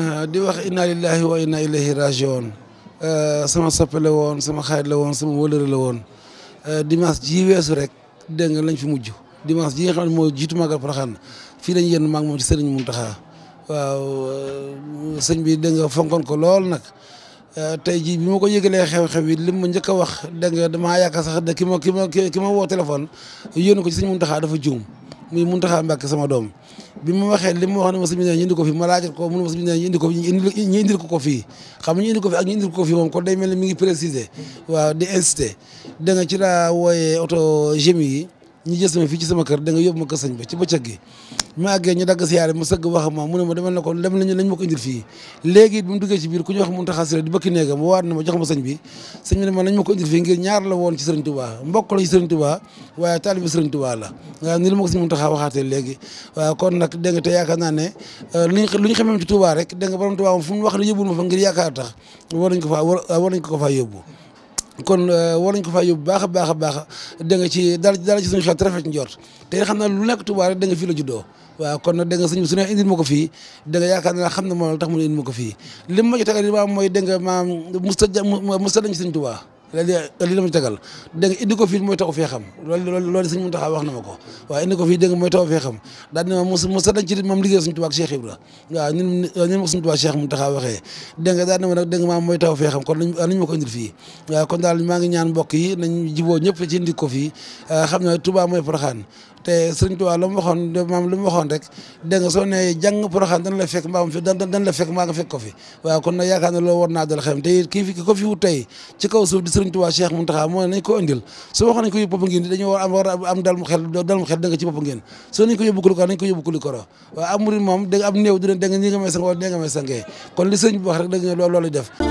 Eh, di wax inna lillahi wa inna ilayhi rajiun eh, sama soppe la woon sama xarit la woon sama wëlëre la woon eh, dimanche ji weesu rek dégg nga lañ fi mujj dimanche ji nga xam ne moo jiitu Magal Porokhane fii lañ yenn maag moom ci sëriñ Mountakha waaw sëñ bi dégg nga fonkoon ko lool nag tey jii bi ma ko yëgalee xew-xew yi lim ma njëkk wax dégg nga damaa yaakaar sax de ki ma ki ma ma woo téléphone yónni ko ci sëñ Mountakha dafa juum muy Mountakha Mbacke sama doom bi mu waxee li mu wax ne ma sëñ bi ne ñu indi ko fii ma laajal ko mu ne ma sëñ bi ne ñu indi ko ñu indil ko ko fii xam nga ñu indi ko fi ak ñu indil ko fii moom kon day mel ni mi ngi préciser waaw di incité da nga ci laa wooyee oto gémi yi ñu jës ma fii ci sama kër da nga yóbbu ma kër sëñ ba ci gi ñu àggee ñu dagg siyaare ma sëgg wax ma mu ne ma demal na ko dem nañu nañ ma ko indil fii léegi it bi mu duggee ku ñu wax Muntaxa Siré di bëkki néegam waat na ma jox ma sëñ bi sëñ ma nañ ma ko indil fii ngir ñaar la woon ci Sëriñ Tuubaa mbokk la ci Sëriñ Tuubaa waaye taalibi Sëriñ Tuubaa la waaw ni la ma ko sëñ Muntaxa kon nag dégg nga te yaakaar naa ne luñ euh, lu ñu xamee ci rek dégg nga borom Tuubaa fu mu wax ne yóbbul ma fa ngir yaakaar tax war nañ ko faa ko ko faa yóbbu kon euh, war nañ ko faa yóbbu baax a baax a baax da nga ci daal daal ci suñu xel te rafet njort te xam naa lu nekk Tuubaa rek nga fii la juddoo waaw kon nag da nga suñu suñu indil ma ko fii da nga yaakaar xam ne moom la tax mu indil ma ko fii lim ma ci tegal di maam mooy da nga maam musta musta lañ ci Sëñ Tuubaa li dama tegal dégg nga indi ko fii mooy taw fee xam loolu loolu loolu sëñ Muntaxa wax na ma ko waaw indi ko fii dégg nga mooy taw fee xam daal ne ma mos mos dañ ci moom liggéey suñu tubaab Cheikh Ibra waaw ñun ñun suñu tubaab Cheikh nga daal ne ma nag dégg nga taw fee xam kon nañ ma ko indil fii waaw kon daal maa ngi ñaan mbokk yi nañ jiboo ñëpp ci indi ko fii xam ne Tuubaa mooy Poroxaan te sëriñ Tuubaa la mu waxoon maam lu mu waxoon rek dégg nga soo ne jàng Porokhane dana la fekk mbaam nga fekk ko fi kon nag yaakaar na loolu war dal xam te kii fi ko fi wut tey ci kaw suuf di moo nañ ko indil su waxoon nañ ko yóbbu bopp koro nañ ko yóbbu kuli koro waaw am murid moom dégg am néew dina dégg nga nga may kon li sëriñ bi wax rek dégg nga def